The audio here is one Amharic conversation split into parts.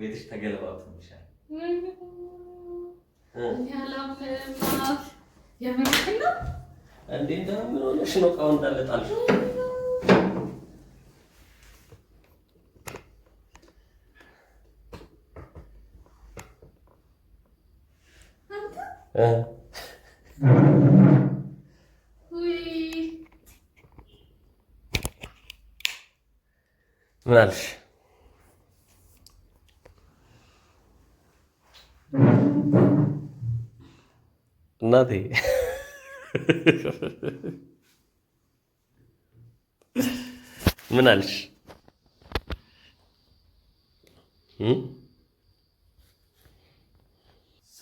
Vedis Tagel'e atılmış yani. እንዴት እንደሆነ ሽኖ እቃው እንዳለጣል ምን አለሽ? እናቴ ምን አልሽ?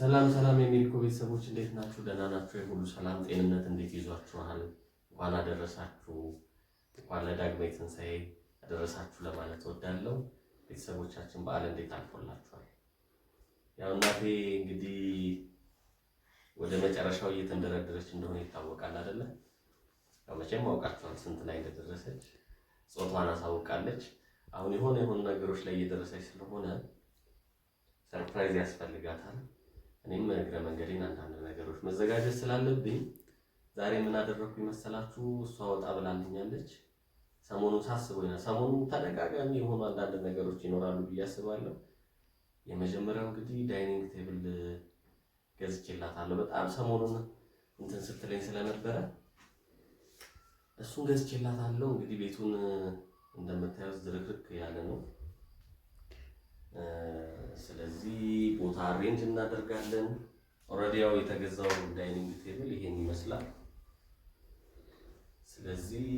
ሰላም ሰላም የሚልኩ ቤተሰቦች እንዴት ናችሁ? ደህና ናችሁ? የሁሉ ሰላም ጤንነት እንዴት ይዟችኋል? እንኳን አደረሳችሁ፣ እንኳን ለዳግማይ ትንሣኤ አደረሳችሁ ለማለት እወዳለሁ። ቤተሰቦቻችን በዓል እንዴት አልፎላችኋል? ያው እናቴ እንግዲህ ወደ መጨረሻው እየተንደረደረች እንደሆነ ይታወቃል አይደለ? ያው መቼም አውቃችኋል ስንት ላይ እንደደረሰች ጾቷን አሳውቃለች። አሁን የሆነ የሆኑ ነገሮች ላይ እየደረሰች ስለሆነ ሰርፕራይዝ ያስፈልጋታል። እኔም እግረ መንገዴን አንዳንድ ነገሮች መዘጋጀት ስላለብኝ ዛሬ ምን አደረኩ መሰላችሁ? እሷ ወጣ ብላልኛለች። ሰሞኑን ሳስቦኝ ሰሞኑን ተደጋጋሚ የሆኑ አንዳንድ ነገሮች ይኖራሉ ብዬ አስባለሁ። የመጀመሪያው እንግዲህ ዳይኒንግ ቴብል ገዝቼላታለሁ። በጣም ሰሞኑን እንትን ስትለኝ ስለነበረ እሱን ገዝቼላታለሁ። እንግዲህ ቤቱን እንደምታዩት ዝርክርክ ያለ ነው። ስለዚህ ቦታ አሬንጅ እናደርጋለን። ያው የተገዛው ዳይኒንግ ቴብል ይሄን ይመስላል። ስለዚህ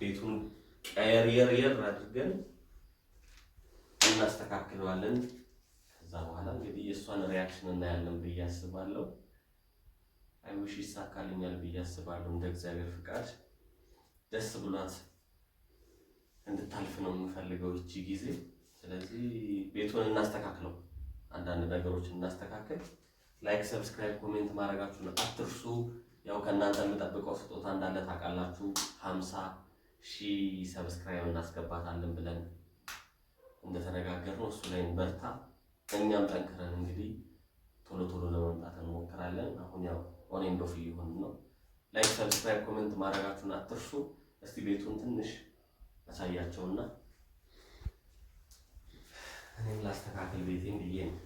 ቤቱን ቀየር የር አድርገን እናስተካክለዋለን። ከዛ በኋላ እንግዲህ የእሷን ሪያክሽን እናያለን ብዬ አስባለሁ። አይውሽ ይሳካልኛል ብዬ አስባለሁ። እንደ እግዚአብሔር ፍቃድ ደስ ብሏት እንድታልፍ ነው የምፈልገው እቺ ጊዜ። ስለዚህ ቤቱን እናስተካክለው፣ አንዳንድ ነገሮች እናስተካክል። ላይክ፣ ሰብስክራይብ፣ ኮሜንት ማድረጋችሁን አትርሱ። ያው ከእናንተ የምጠብቀው ስጦታ እንዳለ ታውቃላችሁ። ሀምሳ ሺህ ሰብስክራይብ እናስገባታለን ብለን እንደተነጋገርነው እሱ ላይ በርታ፣ እኛም ጠንክረን እንግዲህ ቶሎ ቶሎ ለመምጣት እንሞክራለን። አሁን ያው ኦን ኦፍ እየሆን ነው። ላይክ፣ ሰብስክራይብ፣ ኮሜንት ማድረጋችሁን አትርሱ። እስቲ ቤቱን ትንሽ አሳያቸውና እኔም ላስተካክል ቤቴን ብዬ ነው።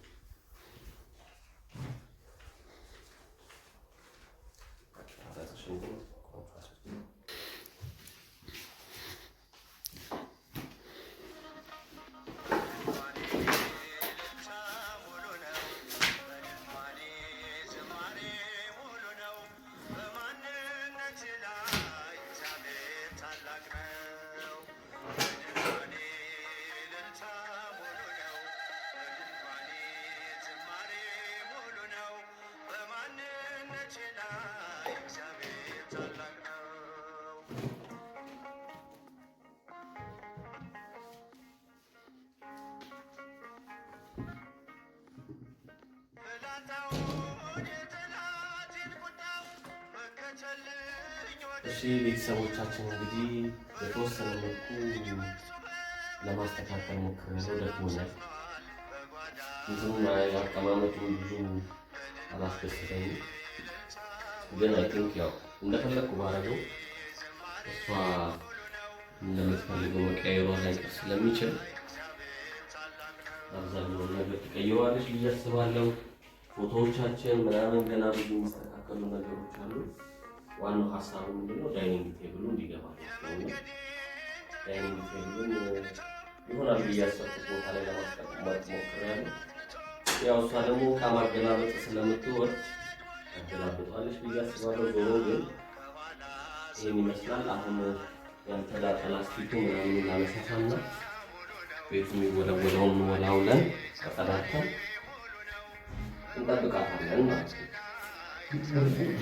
እሺ ቤተሰቦቻችን እንግዲህ በተወሰነ መልኩ ለማስተካከል ሞክረን ደክሞኛል። ብዙም አቀማመጡ ብዙ አላስደስተኝም። ግን አይ ቲንክ ያው እንደፈለግኩ ባረገው እሷ እንደምትፈልገው መቀየሯ ላይቀር ስለሚችል አብዛኛውን ነገር ትቀይረዋለች ብዬ አስባለሁ። ፎቶዎቻችን ምናምን ገና ብዙ የሚስተካከሉ ነገሮች አሉ። ዋናው ሀሳቡ ምንድነው ዳይኒንግ ቴብሉ እንዲገባ ስለሆነ ዳይኒንግ ቴብሉን ይሆናል ብዬ ያሰብኩት ቦታ ላይ ለማስቀመጥ ሞክሬያለሁ። ያው እሷ ደግሞ እቃ ስለምትወድ አገላብጣለች ብዬ አስባለሁ። ዞሮ ግን ይህን ይመስላል። አሁን ያልተላጠ ላስቲኩ ምናምን እናመሰታና ቤቱ የሚወለወለውን ተቀዳተን እንጠብቃታለን ማለት ነው። Thank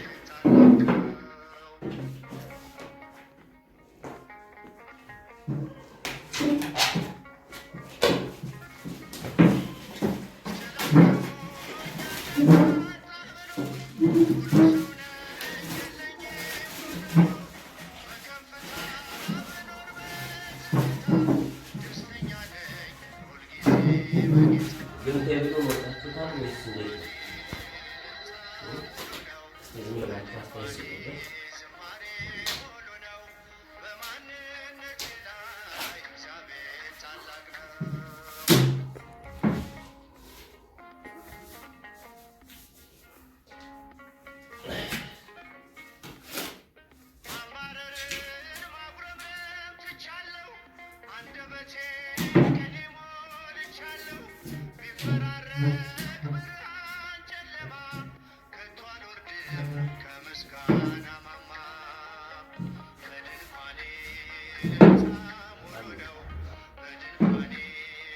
you.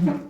Mm-hmm.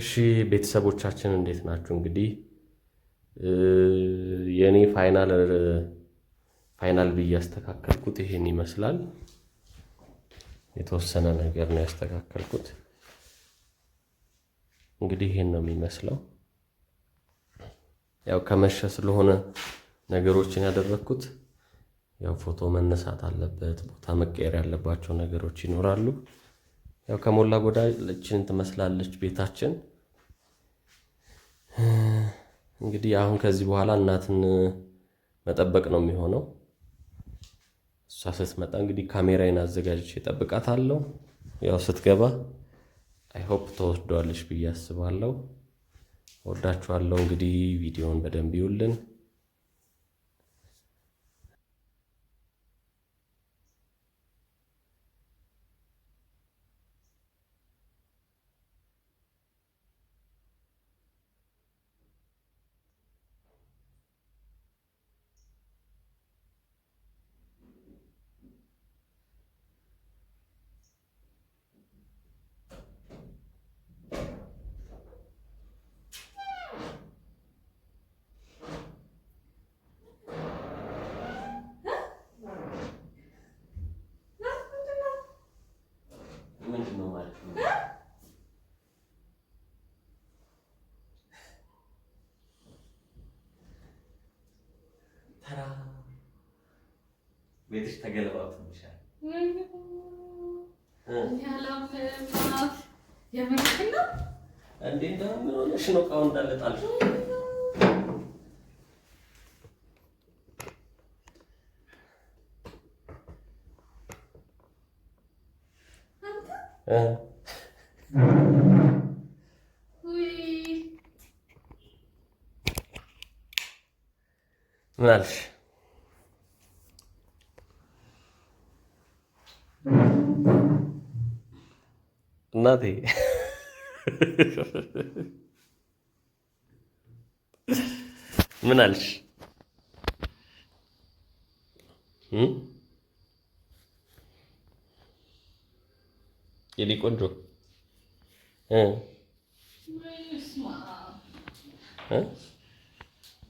እሺ ቤተሰቦቻችን እንዴት ናችሁ? እንግዲህ የእኔ ፋይናል ፋይናል ብዬ ያስተካከልኩት ይሄን ይመስላል። የተወሰነ ነገር ነው ያስተካከልኩት። እንግዲህ ይሄን ነው የሚመስለው። ያው ከመሸ ስለሆነ ነገሮችን ያደረግኩት ያው ፎቶ መነሳት አለበት፣ ቦታ መቀየር ያለባቸው ነገሮች ይኖራሉ። ያው ከሞላ ጎደላችን ትመስላለች ቤታችን። እንግዲህ አሁን ከዚህ በኋላ እናትን መጠበቅ ነው የሚሆነው። እሷ ስትመጣ እንግዲህ ካሜራዬን አዘጋጅቼ እጠብቃታለሁ። ያው ስትገባ አይሆፕ ተወስደዋለች ብዬ አስባለሁ። ወዳችኋለሁ። እንግዲህ ቪዲዮውን በደንብ ይውልን። ቤትሽ ተገለባብጥብሻል። እንዴ እንደው ምን ሆነሽ ነው? እቃው እንዳለ ጣልሽ። ምን አልሽ? ਜ਼ਿਆਦਾ ਤੇ ምን አልሽ? የኔ ቆንጆ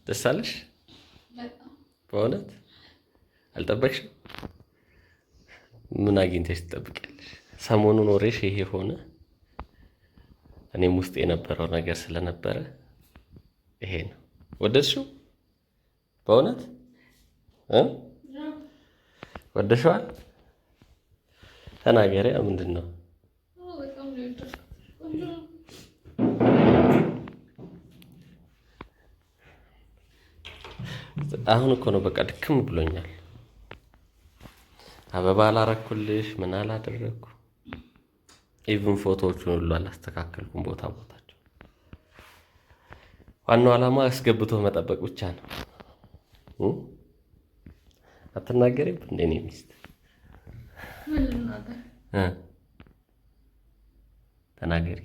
ደስ አለሽ? በእውነት አልጠበቅሽም? ምን አግኝተሽ ትጠብቂያለሽ? ሰሞኑን ወሬሽ ይሄ ሆነ። እኔም ውስጥ የነበረው ነገር ስለነበረ ይሄ ነው። ወደድሽው? በእውነት ወደሽዋል? ተናገሪያ ምንድን ነው? አሁን እኮ ነው በቃ ድክም ብሎኛል። አበባ አላረኩልሽ ምን አላደረግኩ ኢቭን ፎቶዎቹን ሁሉ አላስተካከልኩም ቦታ ቦታቸው። ዋናው ዓላማ አስገብቶ መጠበቅ ብቻ ነው። አትናገሪም እንደ እኔ ሚስት ተናገሪ።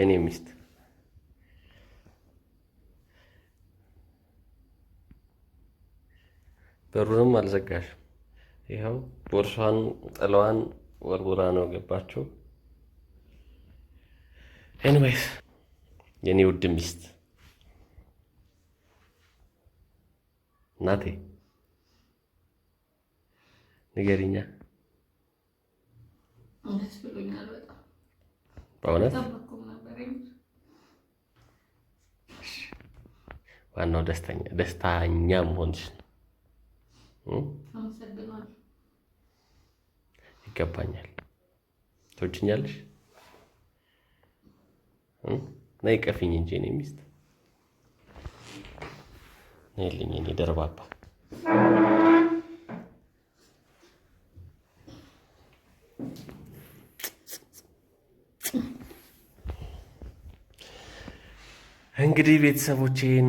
የኔ ሚስት በሩንም አልዘጋሽም። ይኸው ቦርሷን ጥለዋን ወርውራ ነው ገባችው። ኤኒዌይስ የኔ ውድ ሚስት እናቴ ንገሪኛ። በእውነት ዋናው ደስተኛ ደስታኛ መሆንሽ ነው። ይገባኛል። ትወጂኛለሽ? ነይ ቀፊኝ እንጂ እኔ ሚስት ነይልኝ፣ እኔ ደርባባ እንግዲህ ቤተሰቦቼን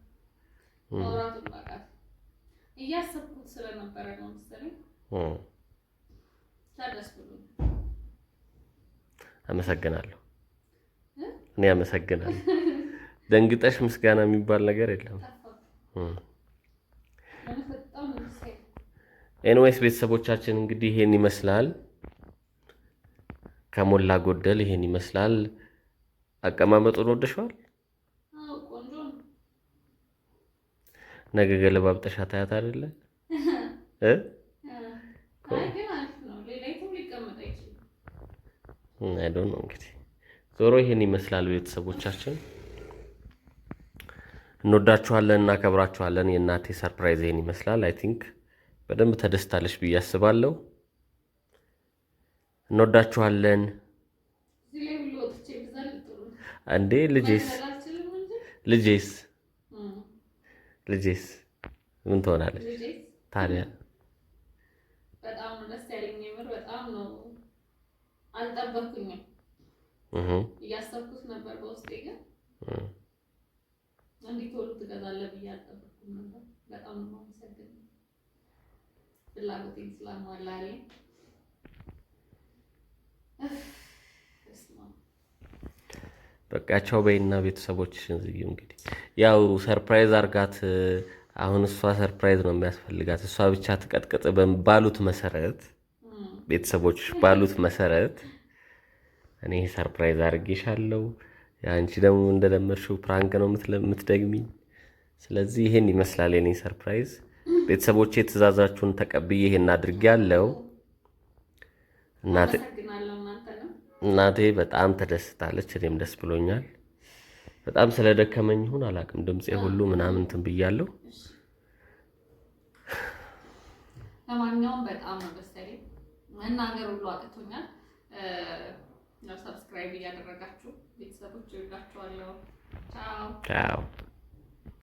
ማውራቱን በቃት እያሰብኩት ስለነበረ ነው መሰለኝ። ታደስኩልኝ። አመሰግናለሁ። እኔ አመሰግናለሁ። ደንግጠሽ ምስጋና የሚባል ነገር የለም። ኤንዌይስ ቤተሰቦቻችን እንግዲህ ይሄን ይመስላል። ከሞላ ጎደል ይሄን ይመስላል። አቀማመጡን ወደሸዋል። ነገ ገለባብጠሽ ታያት አይደለ? አይዶን ነው እንግዲህ ዞሮ ይሄን ይመስላል። ቤተሰቦቻችን እንወዳችኋለን፣ እናከብራችኋለን። የእናቴ ሰርፕራይዝ ይሄን ይመስላል። አይ ቲንክ በደንብ ተደስታለች ብዬ አስባለሁ። እንወዳችኋለን። እንዴ ልጄስ ልጄስ ልጄስ ምን ትሆናለች ታዲያ? በጣም ደስ ያለኝ የምር በጣም ነው። አልጠበኩኝም። እያሰብኩት ነበር በውስጤ ግን እንዲህ ቶሎ ትገዛለህ ብዬ አልጠበኩም ነበር። በጣም ነው የማመሰግነው ፍላጎቴን ስላሟላልኝ። በቃቸው በይና ቤተሰቦችሽን ዝጊው። እንግዲህ ያው ሰርፕራይዝ አርጋት። አሁን እሷ ሰርፕራይዝ ነው የሚያስፈልጋት። እሷ ብቻ ትቀጥቅጥ ባሉት መሰረት ቤተሰቦች ባሉት መሰረት እኔ ሰርፕራይዝ አርጌሻለሁ። አንቺ ደግሞ እንደለመድሽው ፕራንክ ነው የምትደግሚኝ። ስለዚህ ይህን ይመስላል የኔ ሰርፕራይዝ። ቤተሰቦቼ ትዕዛዛችሁን ተቀብዬ ይሄን አድርጌያለሁ። እናቴ በጣም ተደስታለች። እኔም ደስ ብሎኛል። በጣም ስለደከመኝ ይሁን አላውቅም፣ ድምፄ ሁሉ ምናምን እንትን ብያለሁ። ለማንኛውም በጣም ነው ደስ ያለኝ። መናገር ሁሉ አቅቶኛል። ሰብስክራይብ እያደረጋችሁ ቤተሰቦች ይወዳችኋለሁ። ቻው ቻው።